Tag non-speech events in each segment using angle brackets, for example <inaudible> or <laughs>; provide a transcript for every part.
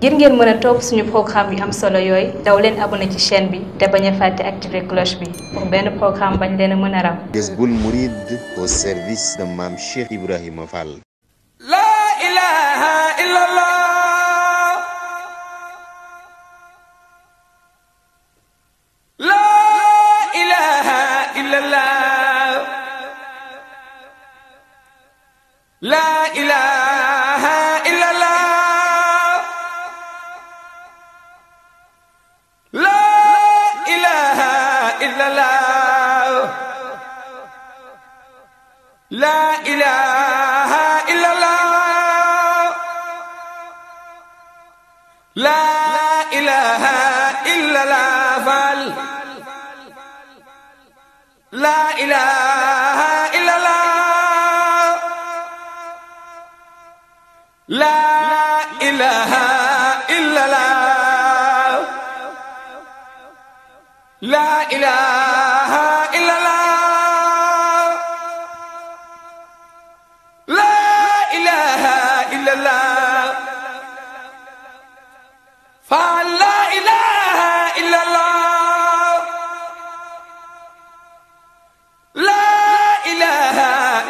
ngir ngeen mën a topp suñu programme yu am solo yooy daw leen abonné ci chaîne bi te bañ a fàtte activer cloche bi pour benn programme bañ leen a mën a raw. Jazboul Mouride au service de Mame Cheikh Ibrahima Fall. La ilaha illallah. لا إله إلا لا فال لا إله إلا لا لا إله إلا لا لا إله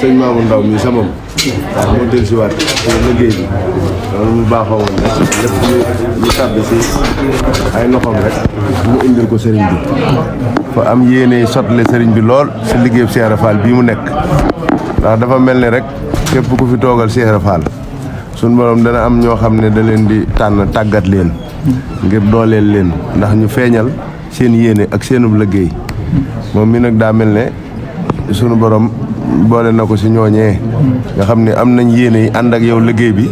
sëñ Mamour Ndaw mi sama waaw moo dellu si waat liggéey bi loolu mu baaxoo woon mu indil ko sëriñ bi fa am sotle sëriñ bi lool si liggéeyu Cheikh bii mu nekk ndax dafa mel ni rek képp ku fi toogal Cheikh Fall suñ borom dana am ñoo xam ne da leen di tànn tàggat leen ngir dooleel leen ndax ñu feeñal seen yéene ak seenub liggéey moom mi nag daa mel ne sunu borom boole na ko si nga xam ne am nañ yéene yi ànd ak yow liggéey bi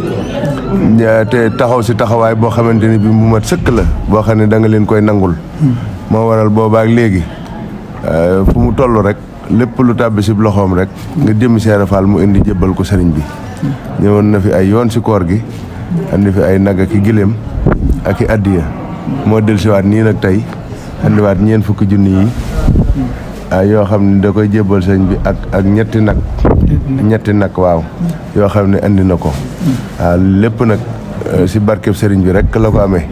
te taxaw si taxawaay boo xamante bi mu mat sëkk la boo xam ne da nga leen koy nangul moo waral boobaak léegi euh, fu mu toll rek lépp lu tàbbi si loxoom rek nga jëmm seere faal mu indi jébbal ko sëriñ bi ñëwoon na fi ay yoon si koor gi andi fi ay nag aki gilem ak i addiya moo del siwaat nii nag tey andiwaat ñeen fukki junni yi Ah, yoo xam ne da koy jébbal sëñ bi ak ak ñetti nag ñetti nag waaw yoo xam ne indi na ko waaw ah, lépp nag eh, si barkeb sëriñ bi rek la ko amee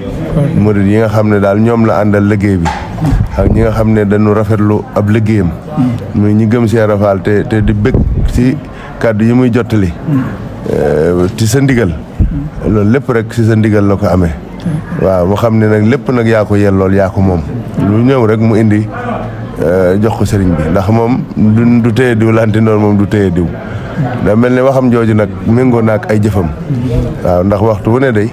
murid yi nga xam ne daal ñoom la àndal liggéey bi ak ñi nga xam ne dañu rafetlu ab liggéeyam muy ñi gëm see rafaal te te di bëgg si kàddu yi muy jottali eh, ci sa ndigal loolu lépp rek si sa ndigal la ko amee waaw mu xam ne nag lépp nag yaa ko yellool yaa ko moom lu ñëw rek mu indi Euh, jox ko sëriñ bi ndax moom du du téye diw lantinoor moom du téye diw da mel ni waxam jooju nag méngoo na ay jëfam waaw ndax waxtu wu ne day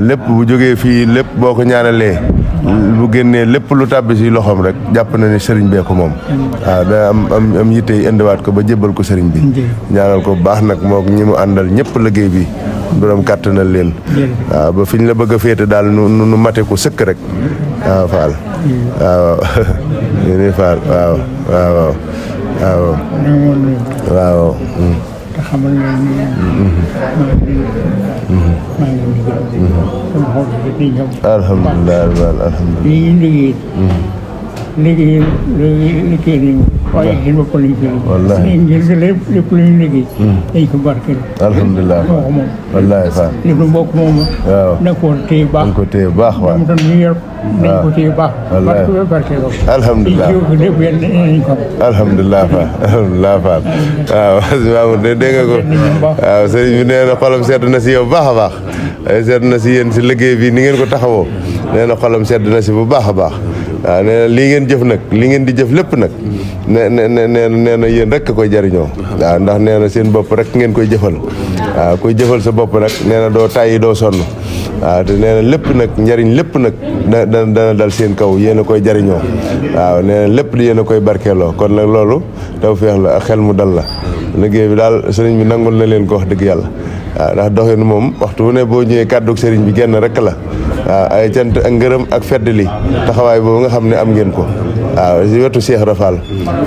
lépp bu jógee fii lépp boo ko ñaanalee bu génnee lépp lu tàbbi si loxoom rek jàpp na ne sëriñ bee ko moom waaw da am am am indiwaat ko ba jébbal ko sëriñ bi ñaanal ko baax nag moo ñi mu àndal ñëpp liggéey bi borom kàttanal leen waaw ba fi la bëgg a féete daal nu nu mate sëkk rek waaw Fall waaw ñu ni Fall waaw waaw waaw waaw te xamal ne maa ngi leen di liggéeyal liggéey nañu waaye seen bopp lañ fi wallaahi ngir gi lépp lépp lu ñu liggéey hmm. dañ ko barkeel alhamdulilah bokk moom wallaahi fa lépp lu bokk moom waaw na ko téye baax na ko téye baax waaw tam ñu yor nañ ko téye baax wallaahi barkeel alhamdulilah lépp yéen nañ ko alhamdulilah fa alhamdulilah fa waaw de dégg nga ko waaw sëriñ bi nee na xolam sedd na si yow baax a baax sedd na si yéen si liggéey bi ni ngeen ko taxawoo nee na xolam sedd na si bu baax a baax waaw ah, nee na li ngeen jëf nag li ngeen di jëf lépp nag ne ne ne nee rek koy jariñoo waaw ah, ndax nee na seen bopp rek ngeen koy jëfal ah, koy jëfal sa bopp nag nee na doo tàyyi doo sonn waaw njariñ dana dal seen kaw yéen koy jariñoo waaw nee na di yéen koy barkelo kon nag loolu taw feex la ak xel mu dal la liggéey bi daal sëriñ bi nangul na leen ko wax dëgg yàlla waaw ndax doxin moom waxtu ne boo ñëwee kàddug sëriñ bi genn rek la waaw ay jant ak ngërëm ak fedd li taxawaay boobu nga xam ne am ngeen ko waaw si wetu Cheikh Rafal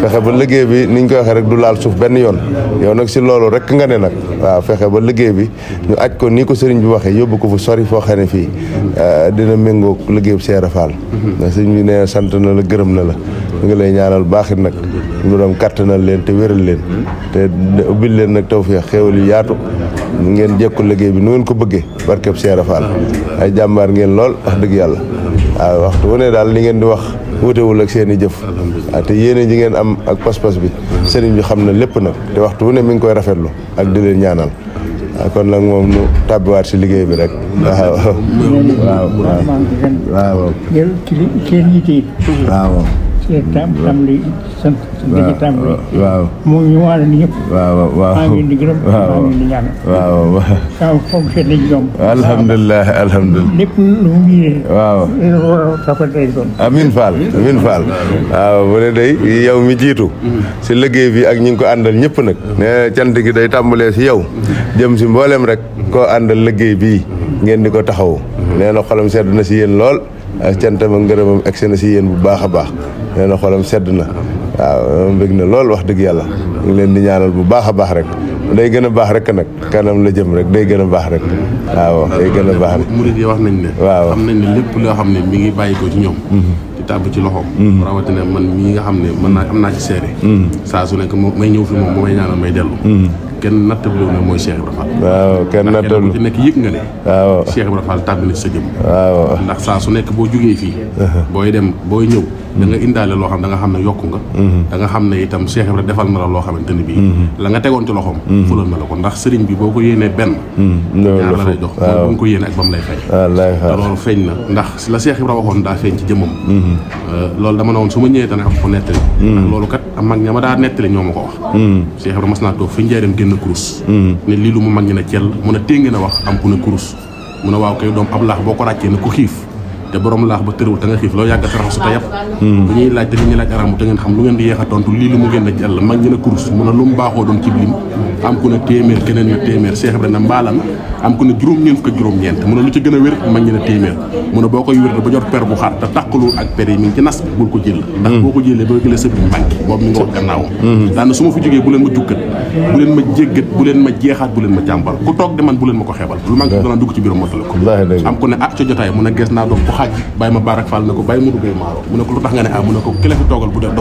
fexe ba liggéey bi niñ koy waxee rek du laal suuf benn yoon yow nag si loolu rek nga ne nag fexe ba liggéey bi ñu aj ko nii ko sëriñ bi waxee yóbbu ko fu sori foo xam ne fii dina méngoo liggéey bu Cheikh Rafal ndax sëriñ bi nee sant na la gërëm na la ñu ngi lay ñaanal baaxit nag ñu doon na leen te wéral leen te ubbil leen nag tawfeex xéewal yu yaatu ngeen jekku liggéey bi nu ngeen ko bëggee barkeb Seera Fall ay jàmbaar ngeen lool wax dëgg yàlla waaw waxtu wu ne daal li ngeen di wax wutewul ak seen i jëf te yéene ji ngeen am ak pas-pas bi sëriñ bi xam na lépp nag te waxtu wu ne mi ngi koy rafetlu ak di leen ñaanal kon nag moom nu tàbbiwaat si liggéey bi rek waaw waaw waaw Mm, sant waaw moom ñu waale ni ñëpp. waaw waaw bu dee day yow mi jiitu. Mm-hmm. si liggéey bi ak ñi ngi ko àndal ñëpp nag. ne cant gi day tàmbulee si yow. Mm-hmm. jëm si mboolem rek. koo àndal liggéey bi mm-hmm. ngeen di ko taxawu. nee na xolam sedd na si yéen lool. ak cantam ak ngërëmam egg na si yéen bu baax a baax. nee na xolam sedd na waaw mbég na lool wax dëgg yàlla ñu leen di ñaanal bu baax a baax rek day gën a baax rek nag kanam la jëm rek day gën a baax rek waaw day gën a baax rek murid yi wax nañ ne waaw xam nañ lépp loo xam ne mi ngi bàyyi ci ñoom mhm. tàbb ci loxoom mhm. rawatina man mii nga xam ne mën naa am naa ci seere mhm. saa su nekk may ñëw fi moom bu may ñaanal may dellu kenn nattable na mooy Cheikh waaw kenn nattalu ndax kenn ku ci nekk yëg nga ne. waaw Cheikh Ibrahima sa jëm. ndax saa su nekk boo jugee fii. booy dem booy ñëw. da nga mhm. indaale loo xam da nga xam ne yokk nga. Mhm. da nga xam ne itam Cheikh Ibrahima defal na la loo xamante ni bii. Mhm. la nga tegoon ci loxoom. fulal na la ko ndax sëriñ bi boo ko yéenee benn. ñaar la lay jox ba ak ba mu feeñ na ndax la Cheikh Ibrahima ci jëmmam. Euh, loolu dama ne su ma ñëwee dana am ko nettali. ndax loolu kat am mag ña ma daa nettali ñoo ma ko wax. Cheikh Ibrahima mas naa toog fi njaareem génn kurus. ne lii lu mu mag ne cell mun a ténge na wax am ku ne kurus mu ne waaw kay doom ab laax boo ko ràccee na ku xiif te borom laax ba tërëwul te nga xiif loo yàgg a taraxasu te bu ñuy laaj te nit laaj te ngeen xam lu ngeen di tontu lu mu ngeen mag na kurus mu ne lu mu baaxoo doon ci am ku ne téeméer keneen téeméer Cheikh am ku ne juróom ñeent fukk juróom ñeent mu ne lu ci gën a wér mag ñi na téeméer mu ne boo koy wér ba jot per bu xaar te tàqalul ak per yi mi ngi ci nas bul ko jël ndax boo ko jëlee ba gëlee sëb mbànki boobu mi nga wax gannaawam daana su ma fi jógee bu leen ma jukkat bu leen ma jéggat bu leen ma bu leen ma jàmbar ku toog de man bu leen ma ko lu dugg ci biiram ko am ku ne ah ca jotaay mu ne gees naa doon ko xaj bay ma barak fall nako bay mudu gay maro mu nako lutax nga ne ah mu nako kila fi togal bu nak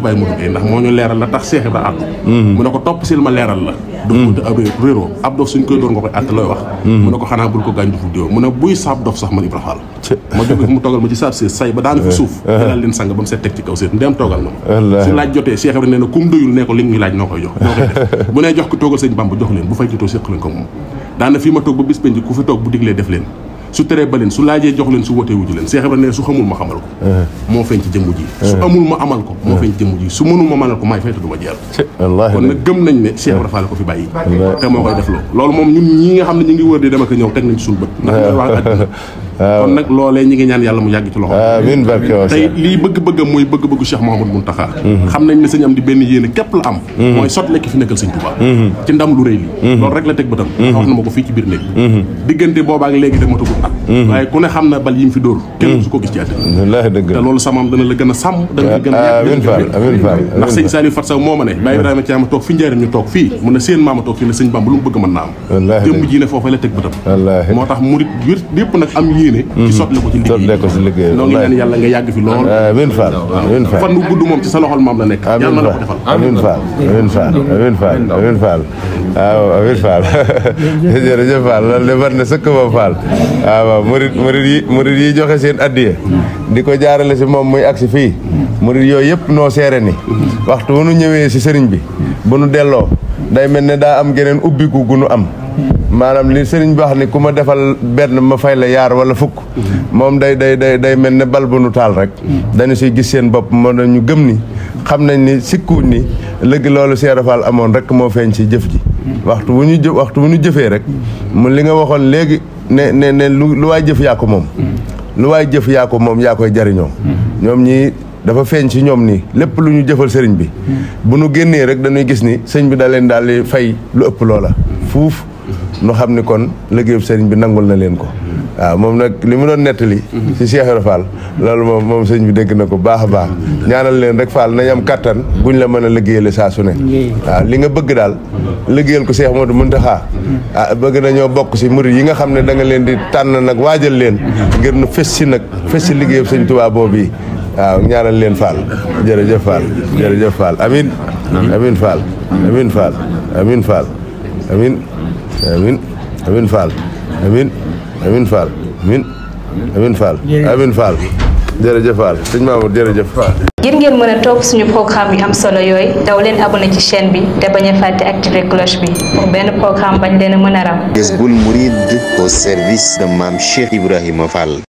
bay mudu gay ndax mo ñu leral la tax cheikh ibra hmm. top sil ma leral la du mu te abe rero ab suñ koy door nga koy at loy wax hmm. mu nako xana bul ko gañ fu deew mu buy sab dof sax man ibra fall ma jogu mu togal ma ci sab say ba daan fi eh, suuf eh. dal leen sang bam set tek ci kaw set ndem togal na ci laaj joté cheikh kum doyul ko laaj nokoy jox <laughs> bu jox ko togal señ jox leen bu fay leen ko mom daana fi ma tok bis penj ku fi tok bu diglé def leen su teree ba leen su laajee jox leen su wootee wuju leen Cheikh Ibrahima ne su xamul ma xamal ko eh. moo feeñ ci jëmm ji su eh. amul ma amal ko moo eh. feeñ ci jëmm ji su mënul ma manal ko maay fay te du ma jeeral kon nag gëm nañ ne Cheikh Ibrahima Fall ko fi bàyyi te moo koy def loolu loolu moom ñun ñi nga xam ne ñu ngi wër di dem ak ñëw teg nañ ci suñu bët ndax wax <laughs> Ah, kon nak lolé ñi ngi ñaan yalla mu yag ci loxo amin barké wa tay li bëgg bëgg moy bëgg bëgg cheikh mohammed muntaha mhm. xam nañ ni señ am di benn yéene képp la am moy mhm. sotle ki fi nekkal señ touba mhm. ci ndam lu reuy li lool rek la tek bëtam wax na mako fi ci bir nek digënté boba ak légui dem matugo at waye ku ne xam na bal yim fi door kenn su ko gis ci adina wallahi deug té lool samam dana la gëna sam dana la gëna amin fall amin fall ndax señ salif fatsaw moma ne bay ibrahima ci am tok fi njaarim ñu tok fi mu ne seen mama tok fi ne señ bambu lu bëgg man naam jëm ji ne fofu la tek bëtam motax murid yépp nak am yéene diine mhm. ci sotle ko ci liggéey noo ngi ñaan yàlla nga yàgg fi lool amiin Fall amiin Fall fan bu gudd moom ci sa loxol maam la nekk yàlla na <laughs> yi murid yi joxe seen addiya di ko jaarale si moom muy agsi fii murid yooyu yëpp noo seere ni waxtu bu nu ñëwee si sëriñ bi bu nu delloo day mel ne daa am geneen ubbiku gu nu am maanaam li sëriñ bi wax ni ku ma defal benn ma fay la yaar wala fukk moom day day day day mel ne bal bu nu taal rek dañu si gis seen bopp moo dañu gëm ni xam nañ ni sikkuuñ ni léegi loolu Cheikh Fall amoon rek moo feeñ si jëf ji waxtu wu ñu jë waxtu wu ñu jëfee rek mu li nga waxoon léegi ne ne lu lu waay jëf yaa moom lu waay jëf yaaku moom yaa koy jariñoo ñoom ñi dafa feeñ ci ñoom nii lépp lu ñu jëfal sëriñ bi bu nu génnee rek dañuy gis ni sëñ bi da leen daal di fay lu ëpp loola fuuf nu xam ni kon liggéeyub sëriñ bi nangul na leen ko waaw moom nag li mu doon nettali si Cheikh Ibra Fall loolu moom moom sëriñ bi dégg na ko baax a baax ñaanal leen rek Fall nañ am kattan guñ la mën a liggéeyale saa su ne waaw li nga bëgg daal liggéeyal ko Cheikh Modou xaa ah bëgg nañoo bokk si murid yi nga xam ne danga leen di tànn nag waajal leen ngir nu fes si nag fes si liggéeyub sëriñ Tuubaa boobu yi waaw ñaanal leen Fall jërëjëf Fall jërëjëf Fall amin amin amin amin Fall amin amin Fall amin amin Fall amin Fall jërëjëf Fall sëñ Mamour jërëjëf Fall ngir ngeen mën a toog suñu programme yu am solo yooyu daw leen ci chaîne bi te bañ a fàtte activer cloche bi benn programme bañ leen a mën a ram Jazboul Mouride au service de Mame Cheikh Ibrahima Fall